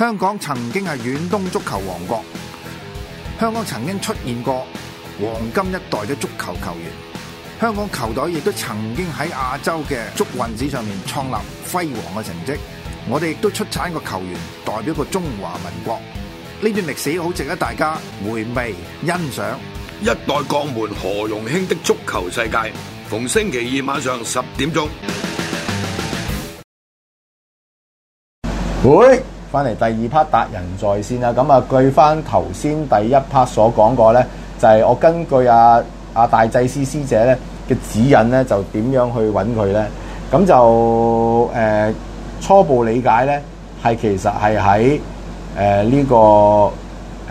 香港曾經係遠東足球王國，香港曾經出現過黃金一代的足球球員，香港球隊亦都曾經喺亞洲嘅足運史上面創立輝煌嘅成績。我哋亦都出產個球員代表個中華民國，呢段歷史好值得大家回味欣賞。一代國門何榮興的足球世界，逢星期二晚上十點鐘會。喂翻嚟第二 part 達仁在線啦，咁啊據翻頭先第一 part 所講過咧，就係、是、我根據啊，阿大祭司師姐咧嘅指引咧，就點樣去揾佢咧？咁就誒、呃、初步理解咧，係其實係喺誒呢個誒、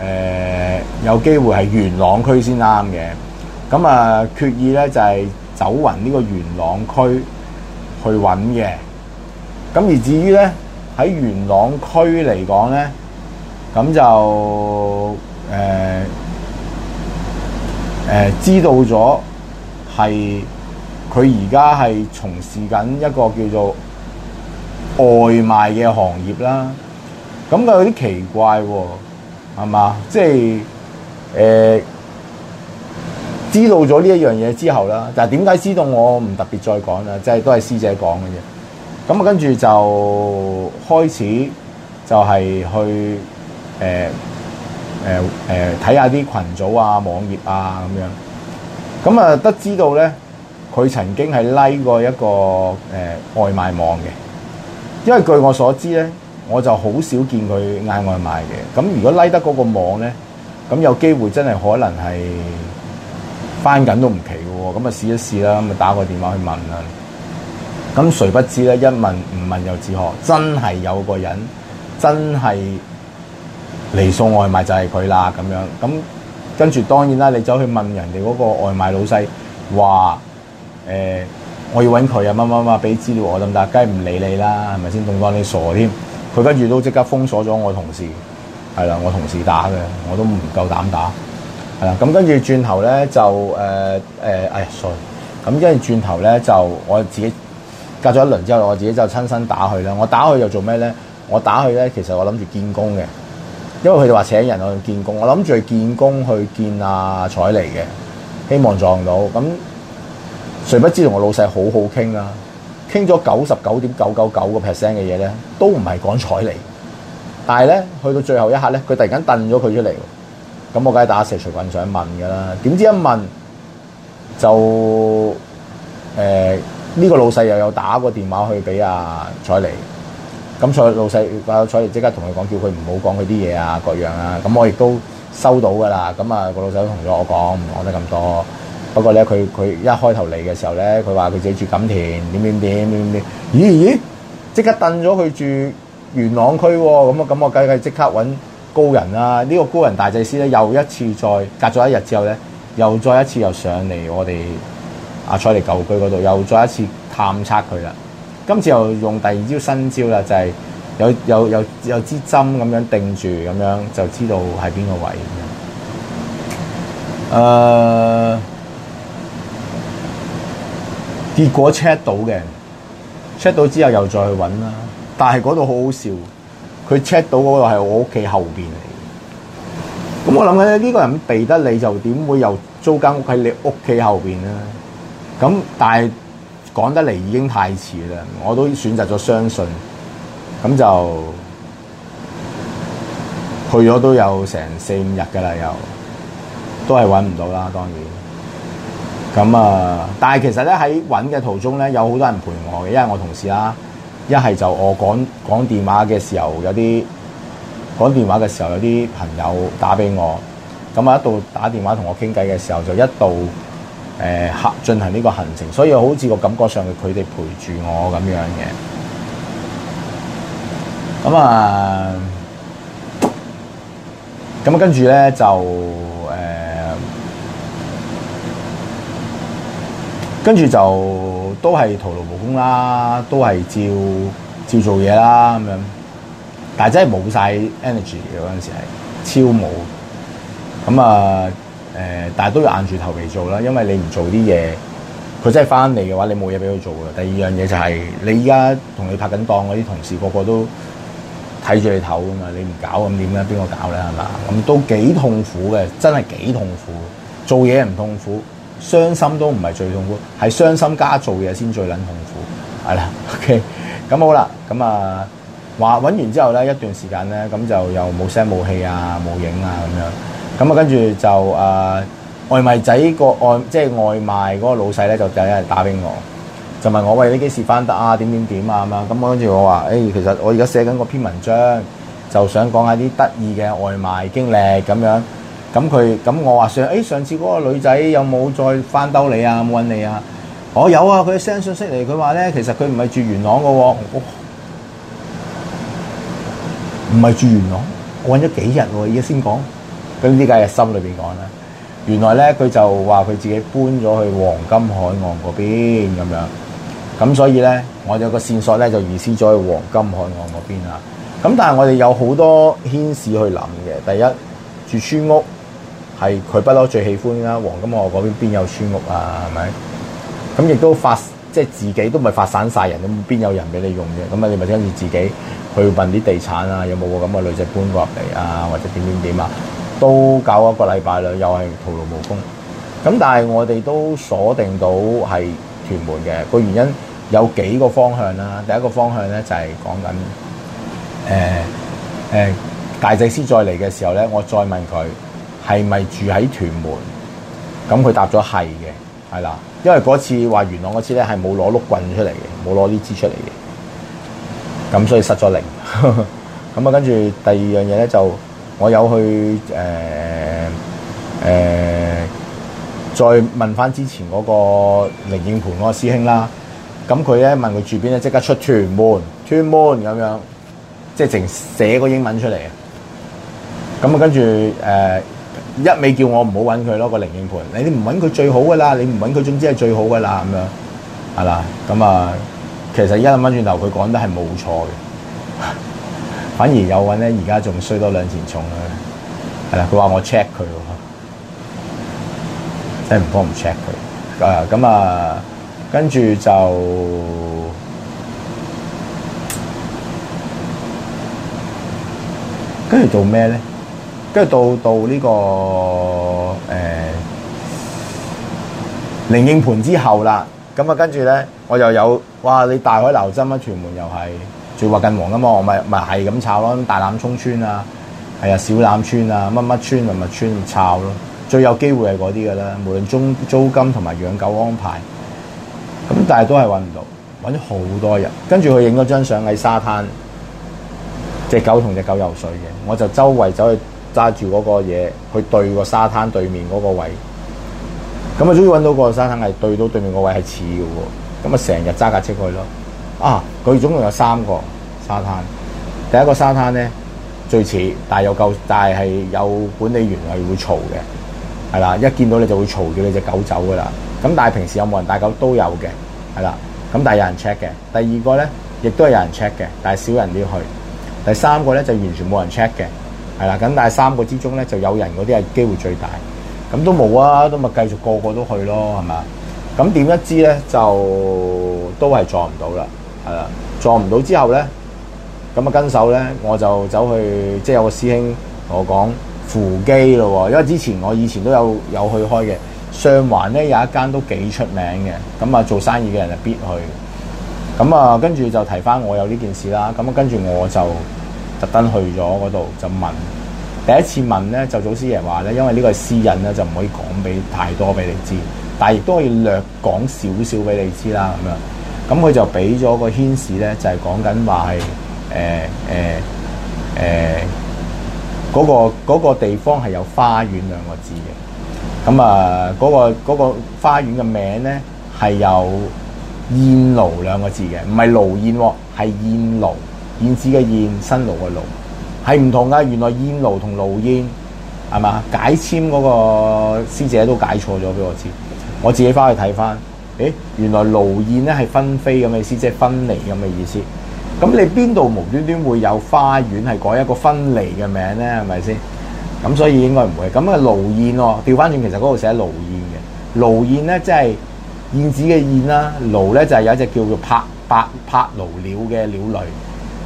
呃、有機會係元朗區先啱嘅。咁啊決意咧就係、是、走勻呢個元朗區去揾嘅。咁而至於咧？喺元朗區嚟講咧，咁就誒誒、呃呃、知道咗係佢而家係從事緊一個叫做外賣嘅行業啦。咁佢有啲奇怪喎，係嘛？即係誒、呃、知道咗呢一樣嘢之後啦，但係點解知道我唔特別再講啦？即係都係師姐講嘅啫。咁啊，跟住就開始就係去誒誒誒睇下啲群組啊、網頁啊咁樣。咁啊，得知道咧，佢曾經係 like 過一個誒、呃、外賣網嘅。因為據我所知咧，我就好少見佢嗌外賣嘅。咁如果 like 得嗰個網咧，咁有機會真係可能係翻緊都唔奇嘅喎。咁啊，試一試啦，咁啊，打個電話去問啦。咁誰不知咧？一問唔問又自學，真係有個人真係嚟送外賣就係佢啦咁樣。咁跟住當然啦，你走去問人哋嗰個外賣老細話：誒、呃，我要揾佢啊！乜乜乜，俾資料我咁梗係唔理你啦，係咪先？凍翻你傻添！佢跟住都即刻封鎖咗我同事，係啦，我同事打嘅，我都唔夠膽打。係啦！咁跟住轉頭咧就誒誒、呃呃，哎呀衰！咁跟住轉頭咧就我自己。隔咗一輪之後，我自己就親身打佢啦。我打佢又做咩咧？我打佢咧，其實我諗住見工嘅，因為佢哋話請人去見工，我諗住去見工去見阿彩嚟嘅，希望撞到。咁誰不知同我老細好好傾啦。傾咗九十九點九九九個 percent 嘅嘢咧，都唔係講彩嚟。但係咧，去到最後一刻咧，佢突然間掟咗佢出嚟。咁我梗係打蛇隨棍上問㗎啦。點知一問就誒？欸呢個老細又有打過電話去俾阿彩妮，咁彩老細，彩妮即刻同佢講，叫佢唔好講佢啲嘢啊，各樣啊，咁我亦都收到噶啦，咁啊個老細都同咗我講，唔講得咁多。不過咧，佢佢一開頭嚟嘅時候咧，佢話佢自己住錦田，點點點點點，咦咦，即刻褪咗去住元朗區喎，咁啊咁我梗係即刻揾高人啦。呢個高人大祭司咧，又一次再隔咗一日之後咧，又再一次又上嚟我哋。阿彩嚟舊居嗰度又再一次探測佢啦。今次又用第二招新招啦，就係、是、有有有有支針咁樣定住咁樣，就知道係邊個位。誒、嗯，結果 check 到嘅 check 到之後又再去揾啦。但係嗰度好好笑，佢 check 到嗰度係我屋企後邊嚟。咁我諗咧，呢個人避得你，就點會又租間屋喺你屋企後邊咧？咁但係講得嚟已經太遲啦，我都選擇咗相信，咁就去咗都有成四五日㗎啦，又都係揾唔到啦，當然。咁啊，但係其實咧喺揾嘅途中咧，有好多人陪我，嘅，因為我同事啦，一係就我講講電話嘅時候有啲講電話嘅時候有啲朋友打俾我，咁啊一度打電話同我傾偈嘅時候就一度。誒客進行呢個行程，所以好似個感覺上係佢哋陪住我咁樣嘅。咁啊，咁跟住咧就誒，跟住就都係徒勞無功啦，都係照照做嘢啦咁樣。但係真係冇晒 energy 嗰陣時係超冇。咁啊～誒，但係都要硬住頭皮做啦，因為你唔做啲嘢，佢真係翻嚟嘅話，你冇嘢俾佢做啊。第二樣嘢就係、是、你依家同你拍緊檔嗰啲同事，個個都睇住你頭噶嘛，你唔搞咁點咧？邊個搞咧？係嘛？咁都幾痛苦嘅，真係幾痛苦。做嘢唔痛苦，傷心都唔係最痛苦，係傷心加做嘢先最撚痛苦。係啦，OK，咁好啦，咁啊，話揾完之後咧，一段時間咧，咁就又冇聲冇氣啊，冇影啊，咁樣。咁啊，跟住就誒、呃、外賣仔個外，即係外賣嗰個老細咧，就有一日打俾我，就問我，喂，你幾時翻得啊？點點點啊咁啊！咁跟住我話誒、欸，其實我而家寫緊個篇文章，就想講下啲得意嘅外賣經歷咁樣。咁佢咁我話上誒，上次嗰個女仔有冇再翻兜你啊？冇揾你啊？我、哦、有啊！佢 send 信息嚟，佢話咧，其實佢唔係住元朗嘅喎、啊，唔、哦、係住元朗，揾咗幾日喎、啊，而家先講。咁呢啲嘅心裏邊講啦。原來咧，佢就話佢自己搬咗去黃金海岸嗰邊咁樣。咁所以咧，我有個線索咧，就移師咗去黃金海岸嗰邊啊。咁但係我哋有好多牽絲去諗嘅。第一，住村屋係佢不嬲最喜歡啦。黃金海岸嗰邊邊有村屋啊？係咪？咁亦都發即係自己都唔係發散晒人咁，邊有人俾你用嘅？咁啊，你咪跟住自己去問啲地產啊，有冇咁嘅女仔搬過入嚟啊？或者點點點啊？都搞一個禮拜啦，又係徒勞無功。咁但係我哋都鎖定到係屯門嘅個原因有幾個方向啦。第一個方向咧，就係講緊誒誒大隻師再嚟嘅時候咧，我再問佢係咪住喺屯門。咁佢答咗係嘅，係啦。因為嗰次話元朗嗰次咧係冇攞碌棍出嚟嘅，冇攞啲支出嚟嘅。咁所以失咗靈。咁啊，跟住第二樣嘢咧就。我有去誒誒、呃呃、再問翻之前嗰個靈應盤嗰個師兄啦，咁佢咧問佢住邊咧？即刻出屯門屯門咁樣，即係淨寫個英文出嚟。咁啊，跟住誒、呃、一味叫我唔好揾佢咯，嗰個靈應盤，你唔揾佢最好噶啦，你唔揾佢總之係最好噶啦，咁樣係啦。咁啊，其實一諗翻轉頭，佢講得係冇錯嘅。 反而有揾咧，而家仲衰多兩錢重啊！係啦，佢話我 check 佢喎，即係唔幫唔 check 佢啊！咁啊，跟住就跟住做咩咧？跟住到呢跟到呢、呢個誒靈、呃、應盤之後啦，咁啊跟住咧，我又有哇！你大海撈針啊，屯門又係。最話近黃啊嘛，我咪咪係咁炒咯，大欖涌村啊，係啊，小欖村啊，乜乜村咪咪村炒咯，最有機會係嗰啲嘅啦，無論租租金同埋養狗安排，咁但係都係揾唔到，揾咗好多人，跟住佢影咗張相喺沙灘，隻狗同隻狗游水嘅，我就周圍走去揸住嗰個嘢去對個沙灘對面嗰個位，咁啊終於揾到個沙灘係對到對面個位係似嘅喎，咁啊成日揸架車去咯。啊，佢總共有三個沙灘。第一個沙灘咧，最似，但係又夠，但係係有管理員係會嘈嘅，係啦。一見到你就會嘈住你隻狗走噶啦。咁但係平時有冇人帶狗都有嘅，係啦。咁但係有人 check 嘅。第二個咧，亦都係有人 check 嘅，但係少人啲去。第三個咧就完全冇人 check 嘅，係啦。咁但係三個之中咧就有人嗰啲係機會最大。咁都冇啊，咁咪繼續個個都去咯，係嘛？咁點一支咧就都係撞唔到啦。係啦，撞唔到之後咧，咁啊跟手咧，我就走去即係有個師兄同我講扶乩咯，因為之前我以前都有有去開嘅，上環咧有一間都幾出名嘅，咁啊做生意嘅人啊必去，咁啊跟住就提翻我有呢件事啦，咁跟住我就特登去咗嗰度就問，第一次問咧就祖師爺話咧，因為呢個係私隱咧，就唔可以講俾太多俾你知，但係亦都可以略講少少俾你知啦咁樣。咁佢就俾咗個牽示咧，就係講緊話係誒誒誒嗰個嗰個地方係有花園兩個字嘅。咁啊，嗰個嗰個花園嘅名咧係有燕爐兩個字嘅，唔係爐燕喎，係燕爐。燕子嘅燕，新爐嘅爐，係唔同噶。原來燕爐同爐燕係嘛？解簽嗰個師姐都解錯咗俾我知，我自己翻去睇翻。誒、欸，原來勞燕咧係分飛咁嘅意思，即係分離咁嘅意思。咁你邊度無端端會有花園係改一個分離嘅名咧？係咪先？咁所以應該唔會。咁嘅勞燕喎，調翻轉其實嗰度寫勞燕嘅。勞燕咧即係燕子嘅燕啦，勞咧就係、是、有一隻叫做拍白拍勞鳥嘅鳥類，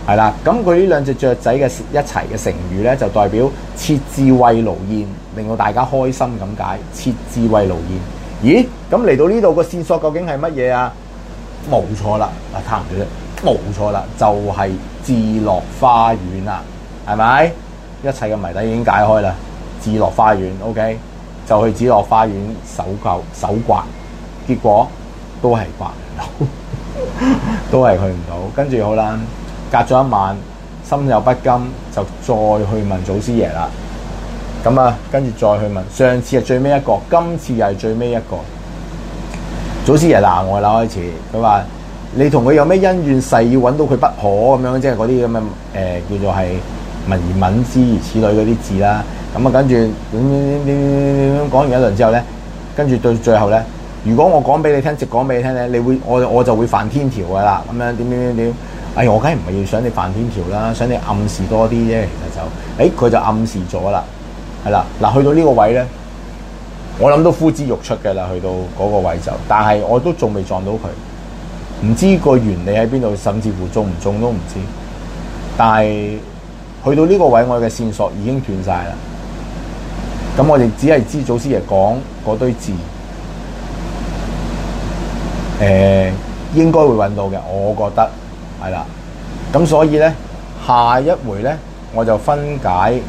係啦。咁佢呢兩隻雀仔嘅一齊嘅成語咧，就代表設置為勞燕，令到大家開心咁解。設置為勞燕，咦、欸？咁嚟到呢度個線索究竟係乜嘢啊？冇錯啦，啊差唔多冇錯啦，就係智樂花園啦，係咪？一切嘅謎底已經解開啦。智樂花園，OK，就去智樂花園搜刮搜刮，結果都係刮唔到， 都係去唔到。跟住好啦，隔咗一晚，心有不甘，就再去問祖師爺啦。咁啊，跟住再去問，上次係最尾一個，今次又係最尾一個。祖師爺鬧我啦開始，佢話你同佢有咩恩怨，誓要揾到佢不可咁樣，即係嗰啲咁嘅誒叫做係文言文之如此類嗰啲字啦。咁啊跟住點點點點點講完一輪之後咧，跟住到最後咧，如果我講俾你聽，直講俾你聽咧，你會我我就會犯天條㗎啦。咁樣點點點點，哎我梗係唔係要想你犯天條啦，想你暗示多啲啫。其實就，誒、欸、佢就暗示咗啦，係啦，嗱去到呢個位咧。我諗都呼之欲出嘅啦，去到嗰個位就，但係我都仲未撞到佢，唔知個原理喺邊度，甚至乎中唔中都唔知。但係去到呢個位，我嘅線索已經斷晒啦。咁我哋只係知祖師爺講嗰堆字，誒、呃，應該會揾到嘅，我覺得係啦。咁所以咧，下一回咧，我就分解，誒、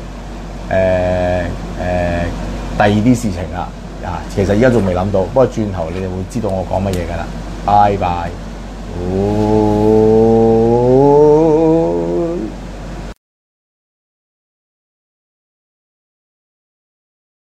呃，誒、呃。第二啲事情啦，啊，其實而家仲未諗到，不過轉頭你哋會知道我講乜嘢㗎啦。拜拜，好、哦。